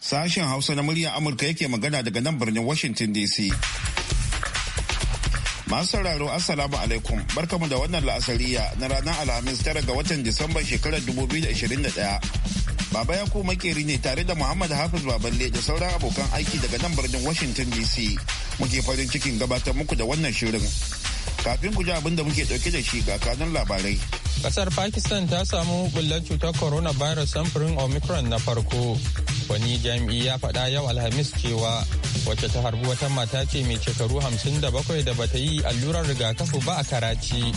Sashen Hausa na murya Amurka yake magana daga nan birnin Washington DC. Masu sauraro Assalamu alaikum barkamu da wannan la'asariya na ranar Alhamis tara ga watan Disamba shekarar 2021. Baba ya Maƙeri makeri ne tare da Muhammad Hafiz Baballe da sauran abokan aiki daga nan birnin Washington DC. Muke farin cikin gabatar muku da wannan shirin. Kafin ku ji abin da muke dauke da shi ga kanun labarai. Kasar Pakistan ta samu bullar cutar coronavirus samfurin Omicron na farko. Wani jami'i ya faɗa yau Alhamis cewa wacce ta harbi wata mata ce mai shekaru hamsin da bakwai da bata yi allurar rigakafi ba a Karachi.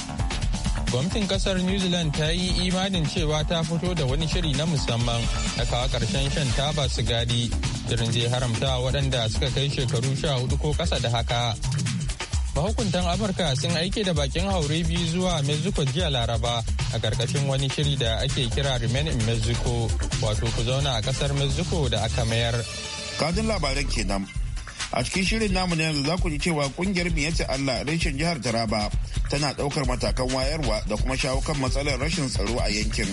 Gwamnatin kasar New Zealand ta yi imanin cewa ta fito da wani shiri na musamman na kawo karshen shan taba sigari. Shirin zai haramta waɗanda suka kai shekaru sha hudu ko ƙasa da haka mahukuntan amurka sun aike da bakin haure biyu zuwa mexico jiya laraba a karkashin wani shiri da ake kira remain in mexico wato ku zauna a kasar mexico da aka mayar kadin labaran kenan a cikin shirin namu na yanzu za ku ji cewa kungiyar miyatta allah reshen jihar taraba tana daukar matakan wayarwa da kuma shawo kan matsalar rashin tsaro a yankin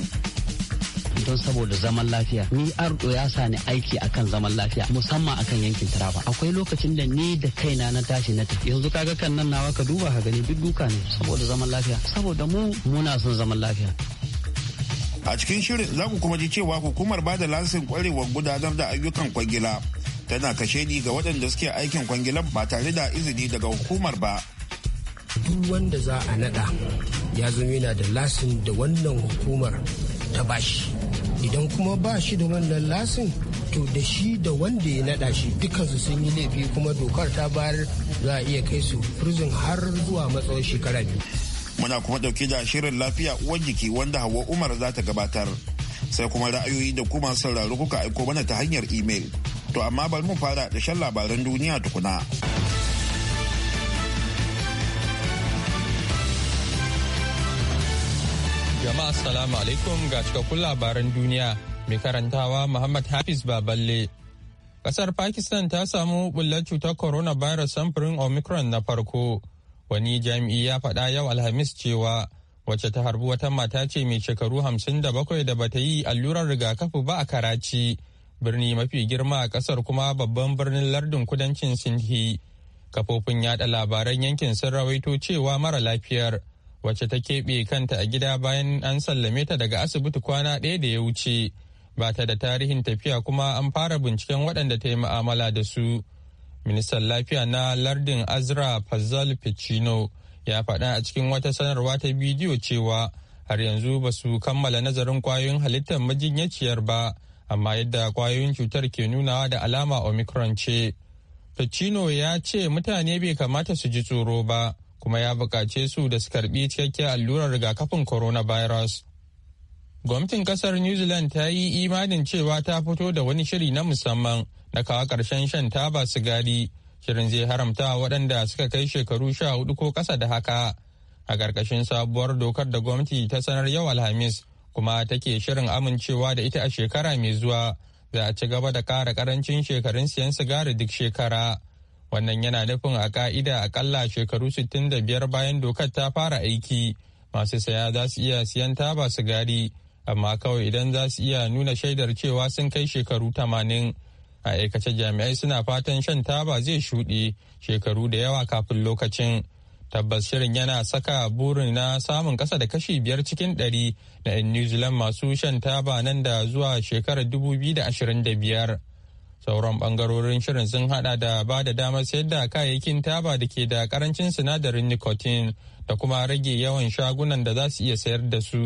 don saboda zaman lafiya ni ardo ya sa ni aiki akan zaman lafiya musamman akan yankin taraba akwai lokacin da ni da kaina na tashi na tafi yanzu kaga kan nan nawa ka duba ka gani duk duka ne saboda zaman lafiya saboda mu muna son zaman lafiya a cikin shirin za ku kuma ji cewa hukumar bada lansin kwarewar gudanar da ayyukan kwangila tana kashe ni ga waɗanda suke aikin kwangilan ba tare da izini daga hukumar ba duk wanda za a naɗa ya zama yana da lasin da wannan hukumar ta bashi idan kuma ba shi da wannan lasin to da shi da wanda ya nada shi dukansu sun yi laifi kuma dokar ta bayar za a iya kai su prison har zuwa matsawar shekara biyu muna kuma dauke da shirin lafiya uwar jiki wanda hawa umar za ta gabatar sai kuma ra'ayoyi da kuma sauraro kuka aiko mana ta hanyar imel to amma bari mu fara da shan labaran duniya tukuna. Jama'a salamu alaikum ga cikakkun labaran duniya mai karantawa Muhammad Hafiz Baballe. Kasar Pakistan ta samu bullar cutar coronavirus samfurin Omicron na farko. Wani jami'i ya faɗa yau Alhamis cewa wacce ta harbi wata mata ce mai shekaru hamsin da bakwai da bata yi allurar rigakafi ba a karaci? birni mafi girma a kasar kuma babban birnin lardin kudancin Sindhi. Kafofin yaɗa labaran yankin sun rawaito cewa mara lafiyar wacce ta keɓe kanta a gida bayan an sallame ta daga asibiti kwana ɗaya da ya wuce ba ta da tarihin tafiya kuma an fara binciken waɗanda ta yi ma'amala da su ministan lafiya na lardin azra fazal pichino ya faɗa a cikin wata sanarwa ta bidiyo cewa har yanzu ba su kammala nazarin kwayoyin halittar majinyaciyar ba amma yadda kwayoyin cutar ke nunawa da alama omicron ce. pichino ya ce mutane bai kamata su ji tsoro ba kuma ya buƙace su da su karbi cikakkiyar allurar rigakafin coronavirus. Gwamnatin kasar New Zealand ta yi imanin cewa ta fito da wani shiri na musamman na kawo ƙarshen shan taba sigari. Shirin zai haramta waɗanda suka kai shekaru sha hudu ko ƙasa da haka. A ƙarƙashin sabuwar dokar da gwamnati ta sanar yau Alhamis kuma take shirin amincewa da ita a shekara mai zuwa. Za a ci gaba da ƙara ƙarancin shekarun siyan sigari duk shekara. Wannan yana nufin a ka'ida akalla shekaru 65 bayan dokar ta fara aiki masu saya za su iya siyan taba sigari amma kawai idan za su iya nuna shaidar cewa sun kai shekaru 80. A aikace jami'ai suna fatan shan taba zai shuɗe shekaru da yawa kafin lokacin. tabbas shirin yana saka burin na samun kasa da kashi biyar cikin ɗari na 'yan new zealand masu shan taba nan da zuwa shekarar 2025 sauran bangarorin shirin sun hada da ba da damar sayar da kayayyakin taba da ke da karancin sinadarin nicotine da kuma rage yawan shagunan da za su iya sayar da su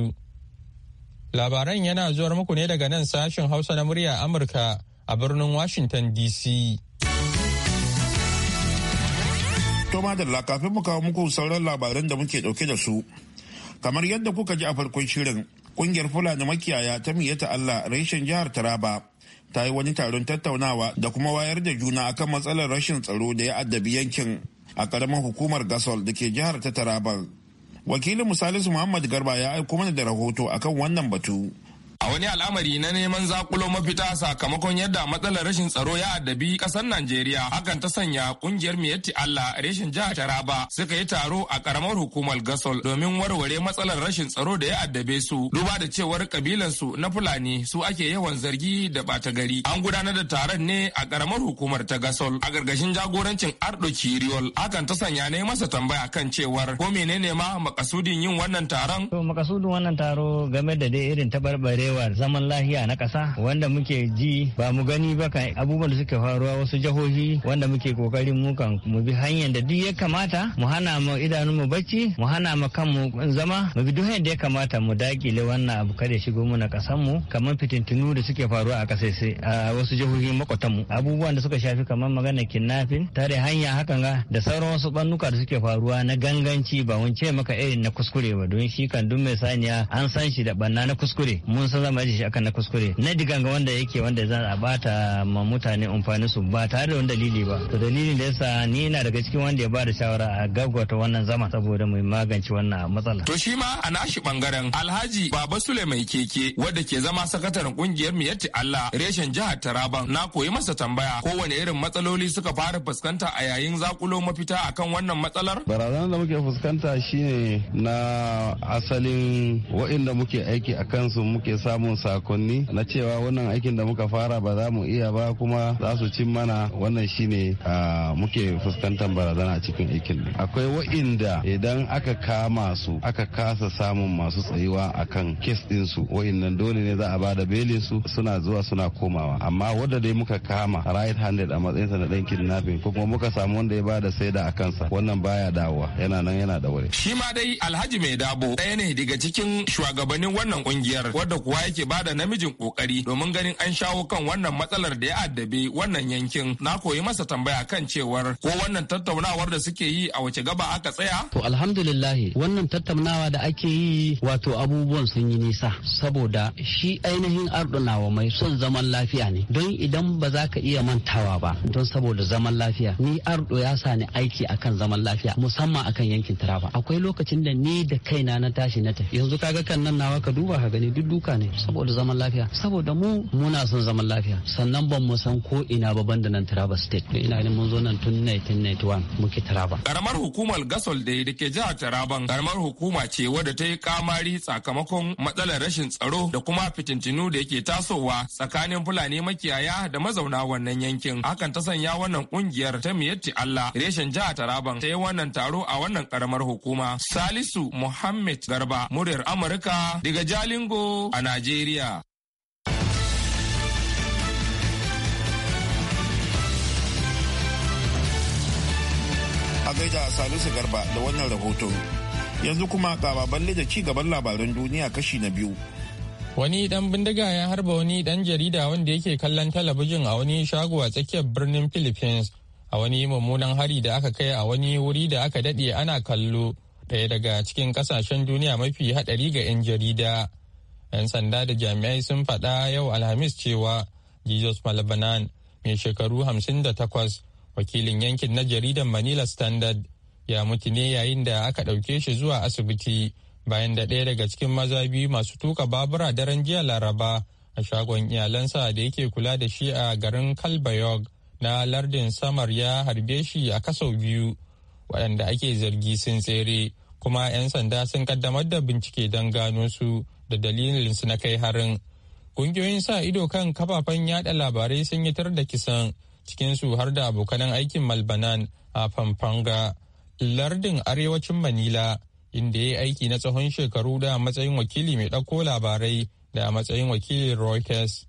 labaran yana zuwar muku ne daga nan sashen hausa na murya amurka a birnin washington dc toma da kafin mu kawo muku sauran labaran da muke dauke da su kamar yadda kuka ji a farkon shirin kungiyar fulani makiyaya ta miyata allah reshen jihar taraba ta yi wani taron tattaunawa da kuma wayar da juna akan matsalar rashin tsaro da ya addabi yankin a karamin hukumar gasol da ke jihar ta taraban wakilin musalisu muhammad garba ya aiko mana da rahoto akan wannan batu a wani al'amari na neman zakulo mafita sakamakon yadda matsalar rashin tsaro ya addabi kasar najeriya hakan ta sanya kungiyar miyati allah reshen jihar taraba suka yi taro a karamar hukumar gasol domin warware matsalar rashin tsaro da ya addabe su duba da cewar kabilan su na fulani su ake yawan zargi da bata gari an gudanar da taron ne a karamar hukumar ta gasol a gargashin jagorancin ardo Kiriol hakan ta sanya ne masa tambaya kan cewar ko menene ma makasudin yin wannan taron makasudin wannan taro game da dai irin tabarbare taɓarɓarewar zaman lahiya na ƙasa wanda muke ji ba mu gani ba kan abubuwan da suke faruwa wasu jihohi wanda muke kokarin mu kan mu bi hanyar da duk ya kamata mu hana mu idanun mu bacci mu hana mu mu zama mu bi duk hanyar ya kamata mu dakile wannan abu kada ya shigo mu na ƙasan mu kamar fitintunu da suke faruwa a ƙasashe a wasu jihohi makwatan mu abubuwan da suka shafi kamar magana kinnafin tare hanya haka ga da sauran wasu bannuka da suke faruwa na ganganci ba wance maka irin na kuskure ba don shi kan duk mai saniya an san shi da banna na kuskure mun san za mu aje shi akan na kuskure na diganga wanda yake wanda za a bata ma mutane amfani su ba tare da wani dalili ba to dalilin da yasa ni na daga cikin wanda ya ba da shawara a gaggauta wannan zama saboda mu magance wannan matsala to shi ma a nashi bangaren alhaji baba sule mai keke wanda ke zama sakataren kungiyar miyatti Allah reshen jihar Taraba na koyi masa tambaya kowane irin matsaloli suka fara fuskanta a yayin zakulo mafita akan wannan matsalar barazanar da muke fuskanta shine na asalin waɗanda muke aiki a kansu muke sa samun sakonni na cewa wannan aikin da muka fara ba za mu iya ba kuma za su cin mana wannan shine muke fuskantar barazana a cikin aikin akwai wa'inda idan aka kama su aka kasa samun masu tsayuwa a kan kes dinsu su wa'innan dole ne za a bada belin su suna zuwa suna komawa amma wanda dai muka kama right handed a matsayin sa na dan kidnapping ko kuma muka samu wanda ya bada saida a kansa wannan baya dawowa yana nan yana da wuri shi ma dai alhaji mai dabo ɗaya ne daga cikin shugabannin wannan kungiyar wadda kuwa yake da namijin kokari domin ganin an shawo kan wannan matsalar da ya addabe wannan yankin na koyi masa tambaya kan cewar ko wannan tattaunawar da suke yi a wace gaba aka tsaya to alhamdulillah wannan tattaunawa da ake yi wato abubuwan sun yi nisa saboda shi ainihin ardunawa mai son zaman lafiya ne don idan ba za ka iya mantawa ba don saboda zaman lafiya ni ardo ya sa ni aiki akan zaman lafiya musamman akan yankin taraba akwai lokacin da ni da kaina na tashi na tafi yanzu kaga kan nan nawa ka duba ka gani duk duka ne saboda zaman lafiya saboda mu muna son zaman lafiya sannan ban mu san ko ina ba banda nan Taraba state ina ne mun zo nan tun 1991 muke Taraba karamar hukumar Gasol da ke jihar Taraban karamar hukuma ce wadda ta yi kamari sakamakon matsalar rashin tsaro da kuma fitintinu da yake tasowa tsakanin Fulani makiyaya da mazauna wannan yankin hakan ta sanya wannan kungiyar ta miyatti Allah reshen jihar Taraban ta yi wannan taro a wannan karamar hukuma Salisu Muhammad Garba muryar Amurka daga Jalingo a Najeriya. A gaida Salisu Garba da wannan rahoto Yanzu kuma ga da ci gaban labaran duniya kashi na biyu. Wani dan bindiga ya harba wani dan jarida wanda yake kallon talabijin a wani shago a tsakiyar birnin Philippines a wani mummunan hari da aka kai a wani wuri da aka daɗe ana kallo ɗaya daga cikin ƙasashen duniya mafi haɗari ga 'yan jarida. 'yan sanda da jami'ai sun faɗa yau alhamis cewa jesus malbanan mai shekaru 58 wakilin yankin na jaridar manila standard ya mutu ne yayin da aka ɗauke shi zuwa asibiti bayan da ɗaya daga cikin maza biyu masu tuka babura daren jiya laraba a shagon iyalansa da yake kula da shi a garin kalbayog na lardin samar ya harbe shi a kaso biyu waɗanda ake zargi sun tsere kuma 'yan sanda sun kaddamar da bincike don gano su da dalilinsu na kai harin ƙungiyoyin sa ido kan kafafen yada labarai sun yi tar da kisan cikinsu har da abokanan aikin malbanan a famfanga lardin arewacin manila inda ya yi aiki na tsawon shekaru da matsayin wakili mai ɗauko labarai da matsayin wakilin reuters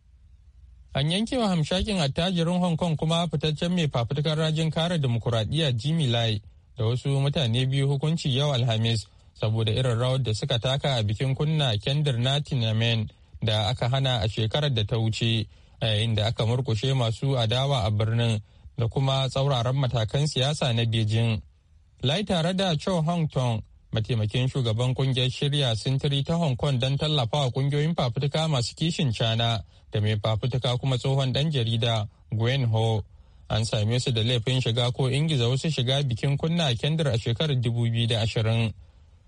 An yanke wa hamshakin attajirin Hong Kong kuma fitaccen mai fafutukar rajin kare dimokuraɗiyya Jimmy Lai da wasu mutane biyu hukunci yau Alhamis saboda irin rawar da suka taka a bikin kunna kendir na tinamen da aka hana a shekarar da ta wuce a yayin da aka murkushe masu adawa a birnin da kuma tsauraran matakan siyasa na beijing lai tare da cho hong tong mataimakin shugaban kungiyar shirya sintiri ta hong kong don tallafa wa kungiyoyin fafutuka masu kishin cana da mai fafutuka kuma tsohon dan jarida gwen ho an same su da laifin shiga ko ingiza wasu shiga bikin kunna kendir a shekarar 2020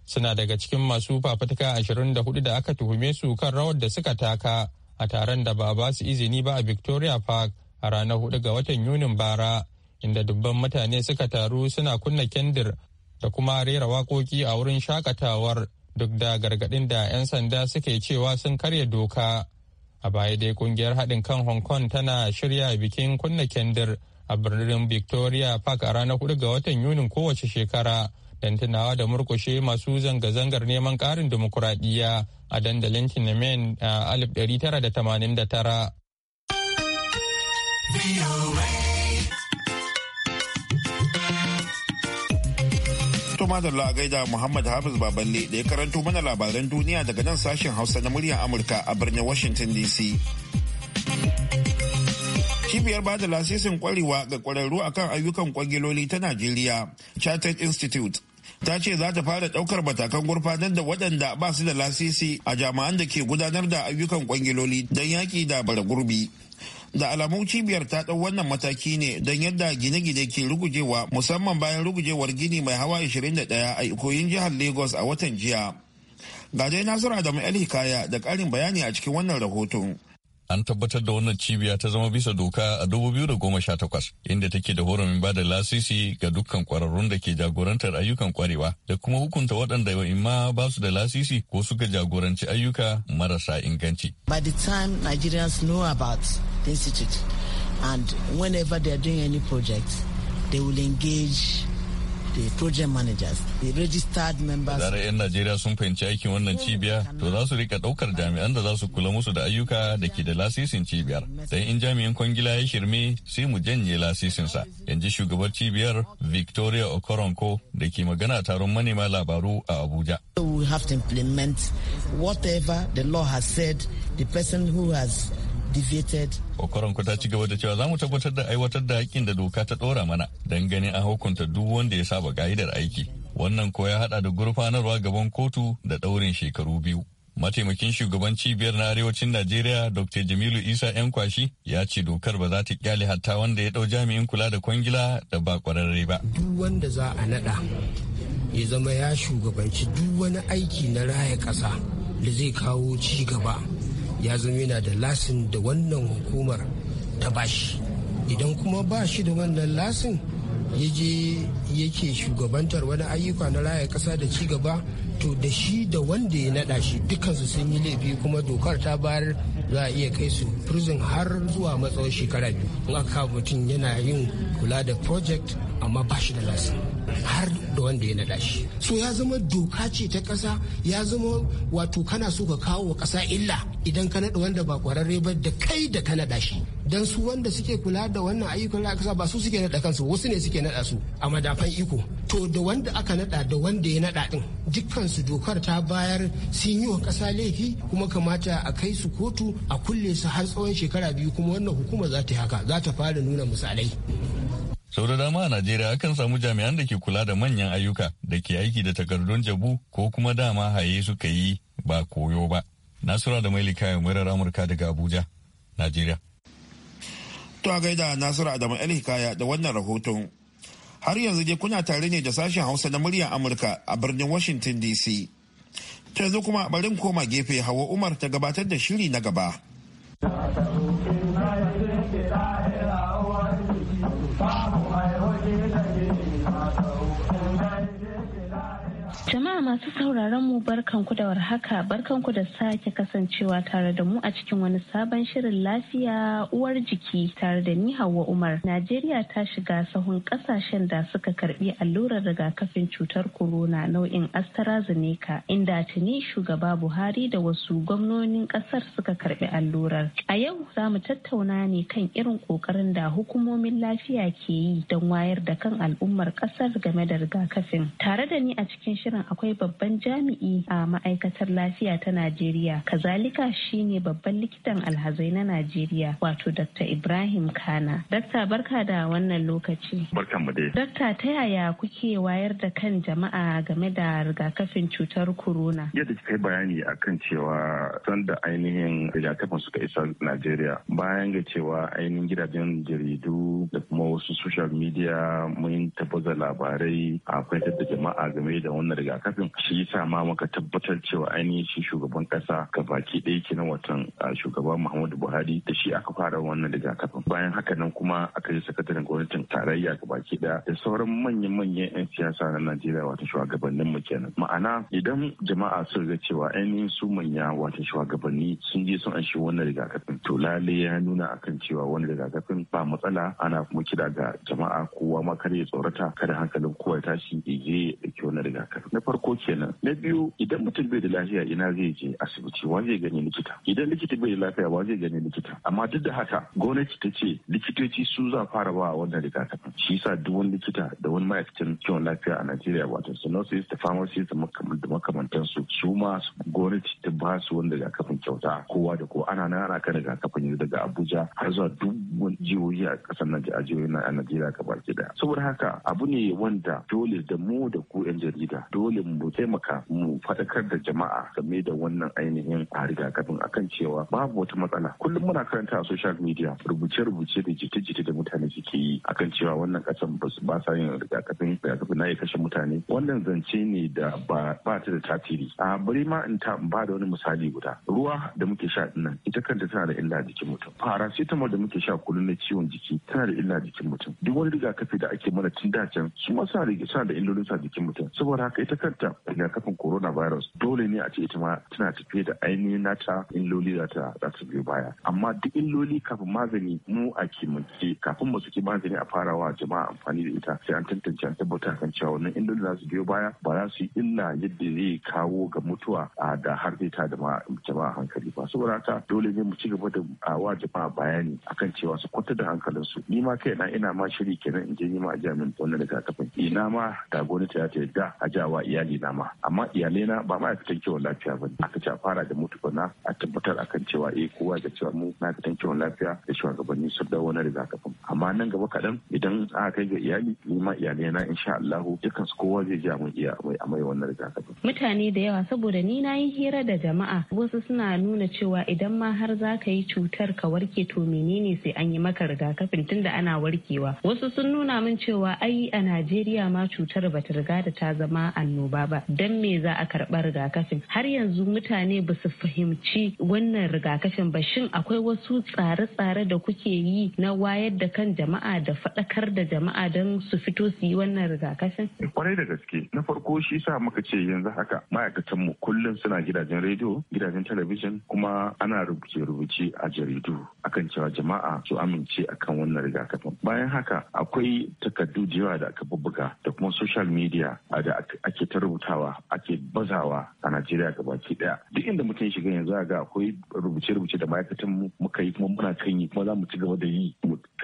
suna daga cikin masu fafutuka 24 da aka tuhume su kan rawar da suka taka a taron da ba ba su izini ba a victoria park a ranar 4 ga watan yunin bara inda dubban mutane suka taru suna kunna kendir da kuma rera waƙoƙi a wurin shakatawar duk da gargaɗin da 'yan sanda suke cewa sun karya doka a baya dai kungiyar haɗin kan hong kong tana shirya bikin kunna kendir a birnin victoria park a ranar 4 ga watan yunin kowace shekara tantanawa da murkushe masu zanga-zangar neman karin dimokuraɗiyya a dandalin Tinemen a 1989. madalla da gaida Muhammad Hafiz Baballe da ya karanto mana labaran duniya daga nan sashen Hausa na muryar Amurka a birnin Washington DC. cibiyar ba da lasisin kwarewa ga kwararru akan ayyukan kwangiloli ta najeriya chartered institute ta ce za ta fara daukar matakan gurfanar da waɗanda ba su da lasisi a jama'an da ke gudanar da ayyukan kwangiloli don yaƙi da bara gurbi. da alamun cibiyar ta ɗau wannan mataki ne don yadda gine-gine ke rugujewa musamman bayan rugujewar gini mai hawa 21 a ikoyin jihar lagos a watan jiya ga dai nasiru adamu el hikaya da ƙarin bayani a cikin wannan rahoton an tabbatar da wannan cibiya ta zama bisa doka a dubu biyu da goma sha takwas inda take da horamin ba da lasisi ga dukkan kwararrun da ke jagorantar ayyukan kwarewa da kuma hukunta waɗanda imma ba su da lasisi ko suka jagoranci ayyuka marasa inganci. By the time Nigerians know about the institute and whenever they are doing any project, they will engage the project managers, the registered members. Zarar 'yan Najeriya sun fahimci aikin wannan cibiya, to za su rika ɗaukar jami'an da za su kula musu da ayyuka da ke da lasisin cibiyar. Dan in jami'in kwangila ya shirme sai mu janye lasisinsa. Yanzu shugabar cibiyar Victoria Okoronko da ke magana taron manema labaru a Abuja. We have to implement whatever the law has said, the person who has activated. Kokoron ku ta ci gaba da cewa za mu tabbatar da aiwatar da hakkin da doka ta dora mana dangane ganin an hukunta duk wanda ya saba gaidar aiki. Wannan ko ya hada da gurfanarwa gaban kotu da daurin shekaru biyu. Mataimakin shugaban cibiyar na arewacin Najeriya Dr. Jamilu Isa ‘yan kwashi ya ce dokar ba za ta kyale hatta wanda ya ɗau jami'in kula da kwangila da ba kwararre ba. Duk wanda za a naɗa ya zama ya shugabanci duk wani aiki na raya ƙasa da zai kawo ci gaba ya zama yana da lasin da wannan hukumar ta bashi idan kuma ba shi da wannan lasin ya je yake shugabantar wani ayyuka na raya kasa da ci gaba to da shi da wanda ya naɗa shi dukansu sun yi laifi kuma dokar ta bayar za a iya kai su prison har zuwa matsawar shekara biyu in aka mutum yana yin kula da project amma ba shi da lasin har da wanda ya naɗa shi so ya zama doka ce ta kasa ya zama wato kana so ka kawo wa kasa illa idan ka naɗa wanda ba kwararre ba da kai da ka naɗa shi dan su wanda suke kula da wannan ayyukan na kasa ba su suke naɗa kansu wasu ne suke naɗa su a madafan iko to da wanda aka naɗa da wanda ya naɗa din dukkansu dokar ta bayar sun yi wa kasa laifi kuma kamata a kai su kotu a kulle su har tsawon shekara biyu kuma wannan hukuma za ta yi haka za ta fara nuna misalai sau da dama a najeriya akan samu jami'an da ke kula da manyan ayyuka da ke aiki da takardun jabu ko kuma dama haye suka yi ba koyo ba nasura da maili kayan murar amurka daga abuja najeriya to a gaida nasura da mai hikaya da wannan rahoton har yanzu dai kuna tare ne da sashen hausa na muryar amurka a birnin washington dc ta yanzu kuma barin koma gefe hawa umar ta gabatar da shiri na gaba. Jama'a masu sauraron mu barkanku da warhaka barkanku da sake kasancewa tare da mu a cikin wani sabon shirin lafiya uwar jiki tare da ni Hauwa Umar. Najeriya ta shiga sahun kasashen da suka karbi allurar rigakafin cutar corona nau'in AstraZeneca inda tuni shugaba Buhari da wasu gwamnonin kasar suka karbi allurar. A yau za mu tattauna ne kan irin kokarin da hukumomin lafiya ke yi don wayar da kan al'ummar kasar game da rigakafin. Tare da ni a cikin shirin akwai babban jami'i a ma'aikatar lafiya ta najeriya kazalika shine babban likitan alhazai na najeriya wato dr ibrahim kana dakta barka da wannan lokaci barkan mu dai dakta ta yaya kuke wayar da kan jama'a game da rigakafin cutar corona yadda kika yi bayani akan cewa sanda ainihin rigakafin suka isa najeriya bayan ga cewa ainihin gidajen jaridu da kuma wasu social media mun tabbata labarai a kwantar da jama'a game da wannan rigakafin rigakafin shi yasa ma muka tabbatar cewa ainihin shi shugaban kasa baki ɗaya kenan watan ah, shugaban Muhammadu Buhari da shi aka fara wannan rigakafin bayan haka nan kuma aka yi sakataren gwamnatin tarayya ga baki ɗaya da sauran manyan-manyan 'yan siyasa na Najeriya wato shugabannin mu kenan ma'ana idan jama'a sun ga cewa ainihin su manya wato shugabanni sun je sun anshi wannan rigakafin to lale ya nuna akan cewa wani rigakafin ba matsala ana kuma kira ga jama'a kowa ma kare ya tsorata kada hankalin kowa ya tashi ya je ya ɗauki wannan rigakafin na farko kenan na biyu idan mutum bai da lafiya ina zai je asibiti wa zai gani likita idan likita bai da lafiya wa zai gani likita amma duk da haka gwamnati ta ce likitoci su za fara ba wannan rigakafin shi yasa duk wani likita da wani ma'aikacin kiwon lafiya a Najeriya wato nurses da pharmacists da makamantansu su ma gwamnati ta ba su wani rigakafin kyauta kowa da kowa ana nan ana kan rigakafin yanzu daga Abuja har zuwa duk jihohi a kasar nan a jihohi na Najeriya ka ki da. saboda haka abu ne wanda dole da mu da ku 'yan jarida dole dole mu taimaka mu faɗakar da jama'a game da wannan ainihin a rigakafin akan cewa babu wata matsala kullum muna karanta a social media rubuce-rubuce da jita-jita da mutane suke yi akan cewa wannan kasan ba sa yin rigakafin rigakafin na ya kashe mutane wannan zance ne da ba ta da tasiri a bari ma in ta ba da wani misali guda ruwa da muke sha dinnan ita kanta tana da illa jikin mutum paracetamol da muke sha kullum na ciwon jiki tana da illa jikin mutum duk wani rigakafi da ake mana tun da can su ma suna da illolin sa jikin mutum saboda haka ita ita kafin rigakafin coronavirus dole ne a ce ita ma tana tafiye da ainihin nata illoli za ta za biyo baya amma duk illoli kafin magani mu a kimance kafin mu saki magani a farawa jama'a amfani da ita sai an tantance an tabbata kan cewa wannan illoli za su biyo baya ba za su yi illa yadda zai kawo ga mutuwa a da har zai ta da jama'a hankali ba saboda haka dole ne mu ci gaba da wa jama'a bayani akan cewa su kwanta da su, ni ma kai na ina ma shiri kenan in je ni ma a jami'in wannan rigakafin ina ma da gwamnati ta yarda a jawa iyali na ma amma iyalai na ba ma ma'aikatan kiwon lafiya ba ne aka ce a fara da mutu na a tabbatar akan cewa eh kowa da cewa mu fitan kiwon lafiya da shugabanni su dawo na rigakafin amma nan gaba kaɗan idan aka kai ga iyali ni ma iyalai na insha Allahu dukkan su kowa zai ji mun iya mai amai wannan rigakafin mutane da yawa saboda ni na yi hira da jama'a wasu suna nuna cewa idan ma har za ka yi cutar ka warke to menene sai an yi maka rigakafin tunda ana warkewa wasu sun nuna min cewa ai a Najeriya ma cutar bata riga da ta zama annoba annoba ba dan me za a karɓa rigakafin har yanzu mutane ba su fahimci wannan rigakafin ba shin akwai wasu tsare-tsare da kuke yi na wayar da kan jama'a da faɗakar da jama'a don su fito su yi wannan rigakafin? kwarai da gaske na farko shi sa muka ce yanzu haka ma'aikatan mu kullum suna gidajen rediyo gidajen talabijin kuma ana rubuce-rubuce a jaridu akan cewa jama'a su amince akan wannan rigakafin bayan haka akwai takardu da yawa da aka bubbuga da kuma social media da ake ake ta rubutawa ake bazawa a Najeriya ga baki daya duk inda mutum shiga yanzu ga akwai rubuce-rubuce da ma'aikatan muka yi kuma muna kan yi kuma za mu ci gaba da yi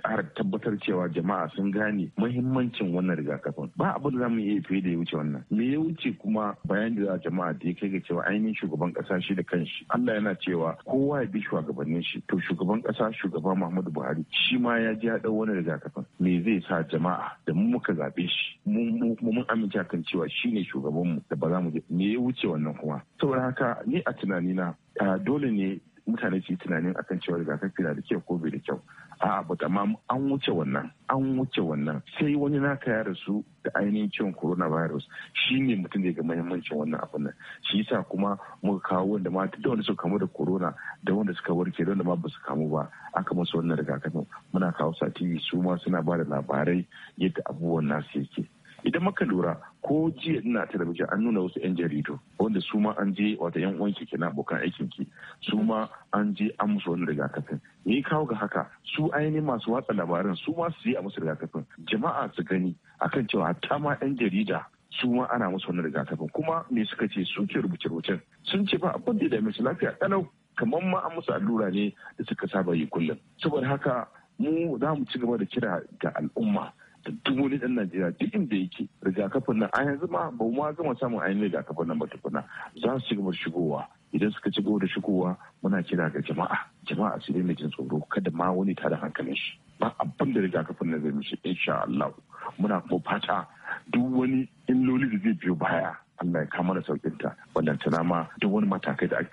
kara tabbatar cewa jama'a sun gane muhimmancin wannan rigakafin ba abin da za mu iya fiye da ya wuce wannan me ya wuce kuma bayan da jama'a da ya kai ga cewa ainihin shugaban kasa shi da kanshi Allah yana cewa kowa ya bi shugabannin shi to shugaban kasa shugaba Muhammadu Buhari shi ma ya ji haɗa wannan rigakafin me zai sa jama'a da mu muka zaɓe shi mun amince kan cewa shi ne shugabanmu da ba za mu me ya wuce wannan kuma saboda haka ni a tunanina dole ne mutane su yi tunanin akan cewa rigakafi na da kyau ko bai da kyau A'a bata ma an wuce wannan an wuce wannan sai wani naka ya rasu da ainihin ciwon coronavirus shi ne mutum da ga mahimmancin wannan abin nan shi yasa kuma muka kawo wanda ma duk wanda suka kamu da corona da wanda suka warke da wanda ma ba su kamu ba aka musu wannan rigakafin muna kawo sa tv su ma suna ba da labarai yadda abubuwan nasu yake idan maka lura ko jiya ina talabijin an nuna wasu 'yan jaridu wanda su ma an je wata 'yan uwanki na abokan aikin ki su ma an je an musu wani rigakafin me kawo ga haka su ainihin masu watsa labaran su ma su yi a musu rigakafin jama'a su gani akan cewa hatta ma 'yan jarida su ma ana musu wani rigakafin kuma me suka ce suke rubuce-rubucen sun ce ba abin da ya dame su lafiya ɗalau kamar ma an musu allura ne da suka saba yi kullum saboda haka mu za mu ci gaba da kira ga al'umma da wani ɗan Najeriya duk inda yake rigakafin nan a yanzu ma ba ma gama samun ainihin rigakafin nan ba tukuna za su ci gaba shigowa idan suka ci gaba da shigowa muna kira ga jama'a jama'a su daina jin tsoro kada ma wani tare hankalin shi ba abin da rigakafin nan zai mishi insha Allah muna kuma fata duk wani illoli da zai biyo baya Allah ya kama da saukin ta wannan tana ma duk wani matakai da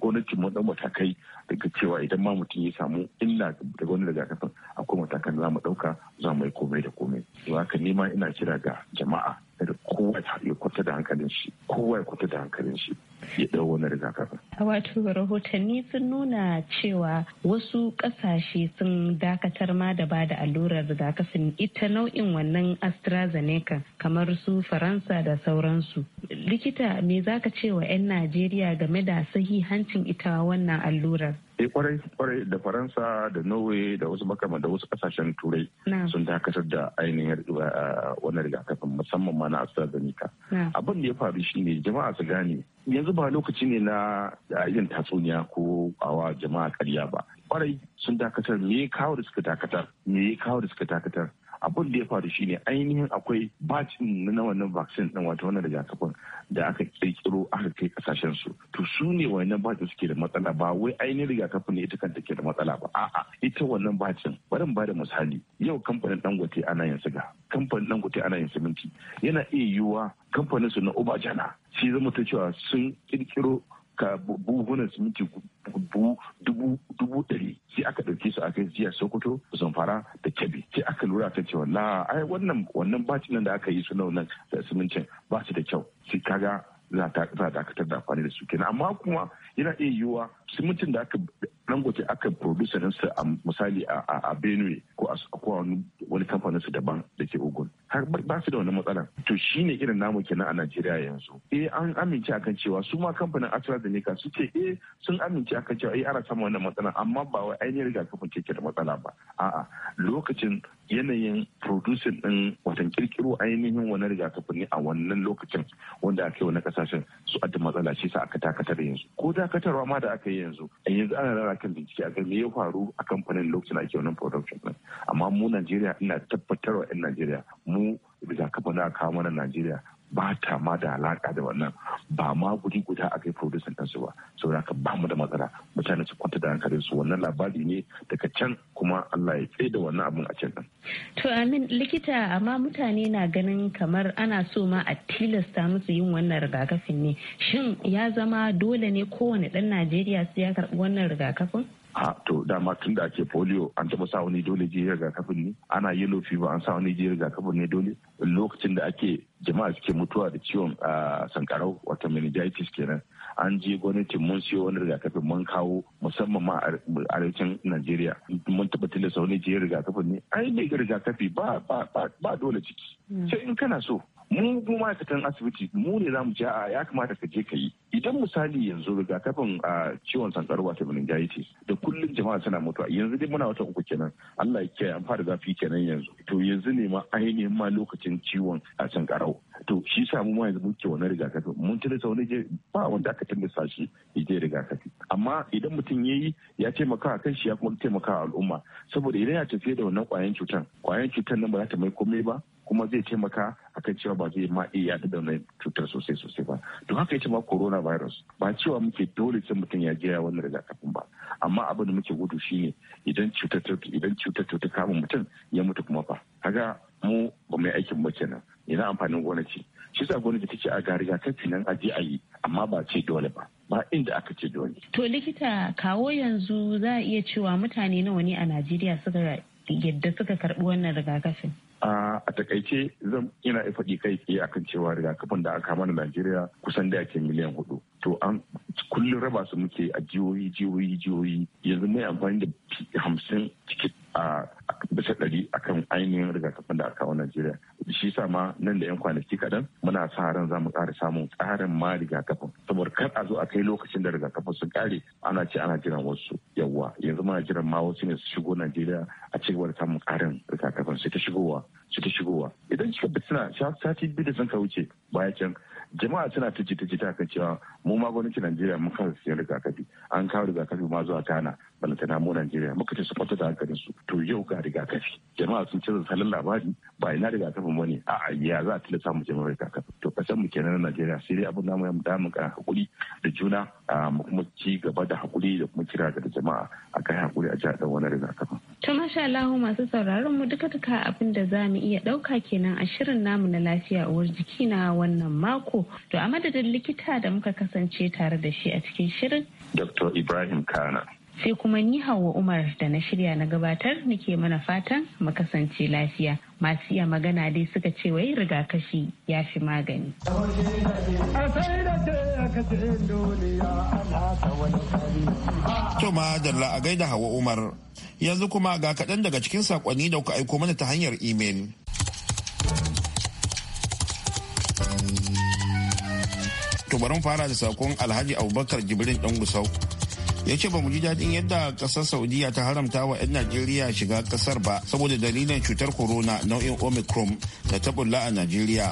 gwamnati mun dan matakai daga cewa idan ma mutum ya samu illa daga wani rigakafin akwai matakan da za mu dauka za mu yi komai ma ina kira ga jama'a da kowa ya kwata da hankalin shi kowa ya kwata da hankalin shi ya dau wani rigakafin. Wato rahotanni sun nuna cewa wasu ƙasashe sun dakatar ma da bada allurar rigakafin ita nau'in wannan AstraZeneca kamar su Faransa da sauransu. Likita me zaka ce wa 'yan Najeriya game da sahihancin ita wannan allurar? eh kwarai kwarai da faransa da norway da wasu makama da wasu kasashen turai sun dakatar da ainihin ah, wannan rigakafin musamman ma na astrazeneca abin da ya faru shine jama'a su gane yanzu ba lokaci ne na ah, yin tatsuniya ko awa jama'a karya ba kwarai sun dakatar me kawo da suka dakatar me kawo da suka dakatar abin da ya faru shine ainihin akwai bacin na wannan vaccine din wato wannan rigakafin da aka kirkiro aka kai kasashen su to su ne wannan bacin suke da matsala ba wai ainihin rigakafin ne ita kanta ke da matsala ba a'a ita wannan bacin bari mu bada misali yau kamfanin dangote ana yin siga kamfanin dangote ana yin siminti yana iya yiwuwa kamfanin su na obajana shi zama ta cewa sun kirkiro ka buhunan siminti dubu ɗari sai aka ɗauke su aka jiya sokoto zamfara da kebbi sai aka lura ta cewa la ai wannan wannan bacin nan da aka yi su nan da simincin ba su da kyau sai kaga za ta dakatar da amfani da su kenan amma kuma yana iya yiwuwa simintin da aka dangote aka produce su a misali a benue ko a wani kamfanin su daban da ke ogun har ba su da wani matsala to shine irin namu kenan a najeriya yanzu eh an amince akan cewa su ma kamfanin astrazeneca su ce eh sun amince akan cewa eh ana samun wannan matsala amma ba wai ainihin rigakafin ce ke da matsala ba a'a lokacin yanayin producing din watan kirkiro ainihin wani rigakafin ne a wannan lokacin wanda aka yi wani kasashen su adda matsala shi sa aka dakatar yanzu ko dakatarwa ma da aka yi yanzu yanzu ana rana kan bincike akan me ya faru a kamfanin lokacin ake wannan production amma mu Najeriya ina tabbatarwa 'yan Najeriya mu kafa na kawo mana Najeriya ba ta ma da alaka da wannan ba ma guri guda a kai producing ɗansu ba saboda ka ba mu da matsala mutane su kwanta da hankalin su wannan labari ne daga can kuma Allah ya tsaye da wannan abin a can To amin likita amma mutane na ganin kamar ana so ma a tilasta musu yin wannan rigakafin ne shin ya zama dole ne kowane ɗan Najeriya su ya karɓi wannan rigakafin? ha to dama tun da ake polio an taba sa wani dole je kafin ne ana yellow fever an sa wani je kafin ne dole lokacin da ake jama'a suke mutuwa da ciwon sankarau wata meningitis kenan an je gwamnatin mun siyo wani rigakafin mun kawo musamman ma arewacin Najeriya mun taba tilasta wani je kafin ne ai mai rigakafi ba ba ba dole ciki hmm. sai in kana so mu mu ma'aikatan asibiti mu ne za mu ja a ya kamata ka je ka yi idan misali yanzu rigakafin a ciwon sankarau wato meningitis da kullum jama'a suna mutuwa yanzu dai muna wata uku kenan Allah ya kiyaye an fara zafi kenan yanzu to yanzu ne ma ainihin ma lokacin ciwon a sankarau to shi sa mu ma yanzu muke wannan rigakafi mun tilasta wani je ba wanda aka tilasta shi ya je rigakafi amma idan mutum ya yi ya taimaka a kan shi ya kuma taimaka a al'umma saboda idan ya tafiye da wannan kwayan cutan kwayan cutan nan ba za ta mai komai ba kuma zai taimaka akan cewa ba zai ma iya yaɗa da wannan cutar sosai sosai ba don haka ita ma corona virus ba cewa muke dole sai mutum ya jira wannan rigakafin ba amma abin da muke gudu shine idan cutar idan cutar ta kama mutum ya mutu kuma fa kaga mu ba mai aikin ba kenan ina amfanin gwamnati shi sa gwamnati take a ga rigakafi nan je a yi amma ba ce dole ba ba inda aka ce dole to likita kawo yanzu za a iya cewa mutane nawa ne a Najeriya suka yadda suka karbi wannan rigakafin a takaice zan ina ya faɗi kai tsaye akan cewa rigakafin da aka mana najeriya kusan da yake miliyan hudu to an kullum raba su muke a jihohi jihohi jihohi yanzu mai amfani da hamsin cikin a bisa ɗari akan ainihin rigakafin da aka mana najeriya shi sa ma nan da 'yan kwanaki kaɗan muna sa ran za mu ƙara samun tsarin ma rigakafin saboda kar a zo a kai lokacin da rigakafin sun ƙare ana ce ana jiran wasu yawwa yanzu muna jiran ma wasu ne su shigo najeriya a cigaba da samun ƙarin rigakafin su ta shigowa su ta shigowa idan kika bi suna sati biyu da sun ka wuce baya can jama'a suna ta jita jita kan cewa mu ma gwamnatin Najeriya mun kawo sayan rigakafi an kawo rigakafi ma zuwa kana balantana mu Najeriya muka ta su da hankalin su to yau ga rigakafi jama'a sun canza salon labari ba ina rigakafin ne a ya za a tilasta mu jama'a rigakafi to kasan mu kenan na Najeriya sai dai abin namu ya mu damu ka hakuri da juna ah, mu kuma ci gaba da hakuri da kuma kira ga jama'a akan hakuri a jihar dan wani rigakafin To masha Allahu masu sauraron mu duka duka abin da za mu iya ɗauka kenan a shirin namu na lafiya uwar jiki na wannan mako. To a madadin likita da muka kasance tare da shi a cikin shirin. Dr. Ibrahim Kana. Sai kuma ni Hauwa Umar da na shirya na gabatar nake mana fatan mu kasance lafiya. Masu iya magana dai suka ce wai rigakafi ya fi magani. To ma dalla a gaida Hawa Umar. Yanzu kuma ga kaɗan daga cikin saƙonni da kuka aiko mana ta hanyar imel. To bari fara da saƙon Alhaji Abubakar Jibrin ɗan Gusau. ya ce ba mu ji daɗin yadda ƙasar saudiya ta haramta wa 'yan najeriya shiga ƙasar ba saboda dalilin cutar corona nau'in omicron da ta bulla a najeriya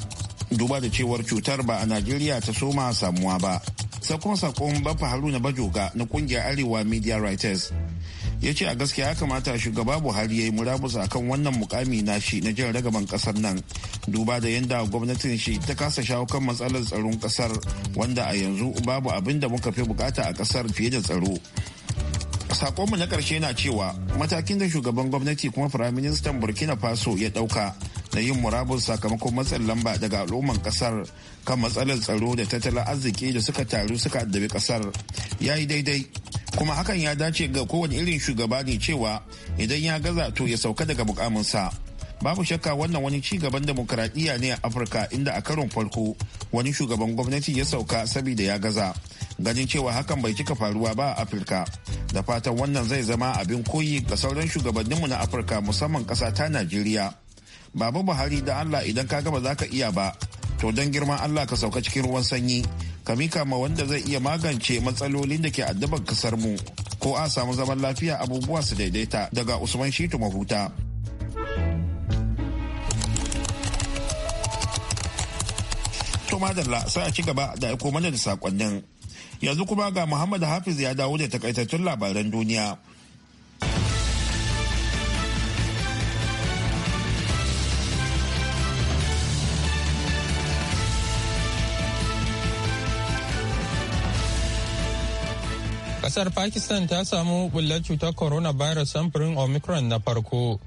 duba da cewar cutar ba a najeriya ta soma samuwa ba sai kuma sakon bafa haruna bajoga na kungiyar arewa media writers ya ce a gaskiya ya kamata shugaba buhari ya yi murabus a kan wannan mukami na shi na jin ragaban kasar nan duba da yadda gwamnatin shi ta kasa shawo kan matsalar tsaron kasar wanda a yanzu babu abin da muka fi bukata a kasar fiye da tsaro sakonmu na karshe na cewa matakin da shugaban gwamnati kuma firaministan burkina faso ya dauka da yin murabus sakamakon matsin lamba daga al'umman kasar kan matsalar tsaro da tattalin arziki da suka taru suka addabi kasar ya yi daidai kuma hakan ya dace ga kowane irin shugaba ne cewa idan ya gaza to ya sauka daga mukaminsa babu shakka wannan wani ci gaban demokuraɗiyya ne a afirka inda a karon farko wani shugaban gwamnati ya sauka saboda ya gaza ganin cewa hakan bai cika faruwa ba a afirka da fatan wannan zai zama abin koyi ga sauran shugabanninmu na afirka musamman ƙasa ta najeriya baba buhari da allah idan ka gaba za ka iya ba to don girma allah ka sauka cikin ruwan sanyi ka mika ma wanda zai iya magance matsalolin da ke addaban kasar mu ko a samu zaman lafiya abubuwa su daidaita daga usman shitu mahuta to madalla sai a ci gaba da aiko mana da sakonnin yanzu kuma ga muhammad hafiz ya dawo da takaitattun labaran duniya Kasar Pakistan ta samu bullar cutar coronavirus samfurin Omicron na farko.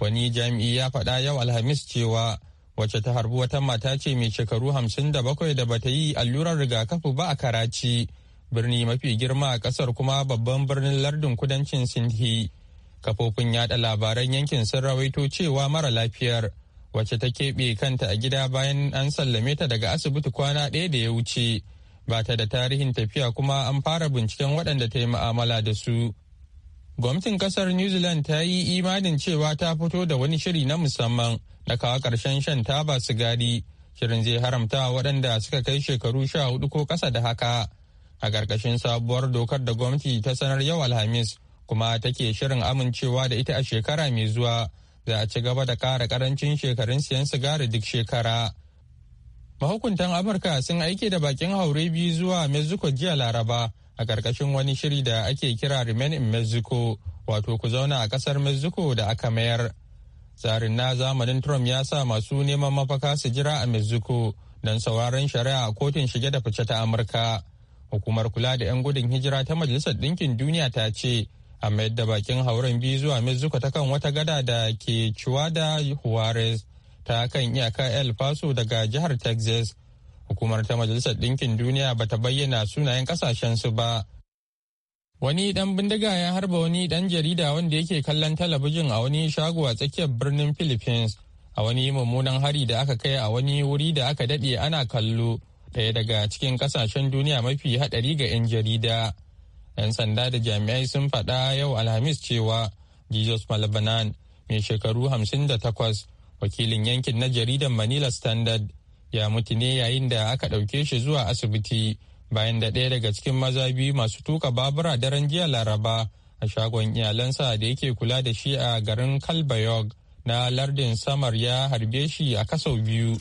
Wani jami'i ya faɗa yau Alhamis cewa wacce ta harbi wata mata ce mai shekaru hamsin da bakwai da bata yi allurar rigakafi ba a karaci birni mafi girma a kasar kuma babban birnin lardin kudancin Sindhi. Kafofin yada labaran yankin sun rawaito cewa mara lafiyar wacce ta keɓe kanta a gida bayan an sallame ta daga asibiti kwana ɗaya da ya wuce. ba ta da tarihin tafiya kuma an fara binciken waɗanda ta yi ma'amala da su. Gwamnatin kasar New Zealand ta yi imanin cewa ta fito da wani shiri na musamman na kawo ƙarshen shan taba sigari. Shirin zai haramta waɗanda suka kai shekaru sha hudu ko ƙasa da haka. A ƙarƙashin sabuwar dokar da gwamnati ta sanar yau Alhamis kuma take shirin amincewa da ita a shekara mai zuwa za a ci gaba da ƙara ƙarancin shekarun siyan sigari duk shekara. mahukuntan amurka sun aike da bakin haure biyu zuwa mexico jiya laraba a ƙarƙashin wani shiri da ake kira remain in mexico wato ku zauna a ƙasar mexico da aka mayar tsarin na zamanin trump ya sa masu neman mafaka su jira a mexico don sauraron shari'a a kotun shige da fice ta amurka hukumar kula da 'yan gudun hijira ta majalisar ɗinkin duniya ta ce a mayar da bakin hauren biyu zuwa mexico ta kan wata gada da ke ciwada juarez ta kan iyaka el paso daga jihar texas hukumar ta majalisar ɗinkin duniya ba ta bayyana sunayen su ba wani ɗan bindiga ya harba wani ɗan jarida wanda yake kallon talabijin a wani shago a tsakiyar birnin philippines a wani mummunan hari da aka kai a wani wuri da aka daɗe ana kallo ɗaya daga cikin ƙasashen duniya mafi haɗari ga 'yan jarida 'yan sanda da jami'ai sun faɗa yau alhamis cewa jesus malbanan mai shekaru 58 wakilin yankin na jaridar manila standard ya mutu ne yayin da aka ɗauke shi zuwa asibiti bayan da ɗaya daga cikin maza biyu masu tuka babura daren jiya laraba a shagon iyalansa da yake kula da shi a garin kalbayog na lardin samar ya harbe shi a kasau biyu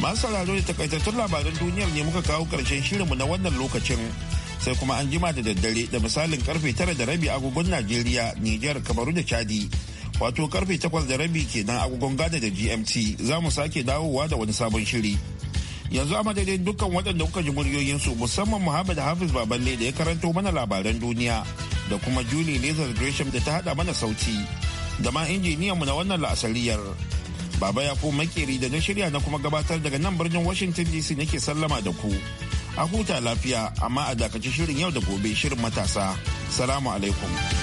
masu sauraro da takaitattun labaran duniyar ne muka kawo ƙarshen shirinmu na wannan lokacin sai kuma an jima da daddare da misalin karfe tara da rabi agogon najeriya niger kamaru da chadi wato karfe takwas da rabi kenan agogon gada da gmt za mu sake dawowa da wani sabon shiri yanzu a madadin dukkan waɗanda kuka ji muryoyinsu musamman muhammad hafiz baballe da ya karanto mana labaran duniya da kuma juli lizard gresham da ta haɗa mana sauti da ma injiniyan mu na wannan la'asariyar baba ya ko makeri da na shirya na kuma gabatar daga nan birnin washington dc nake sallama da ku a huta lafiya amma a dakaci shirin yau da gobe shirin matasa salamu alaikum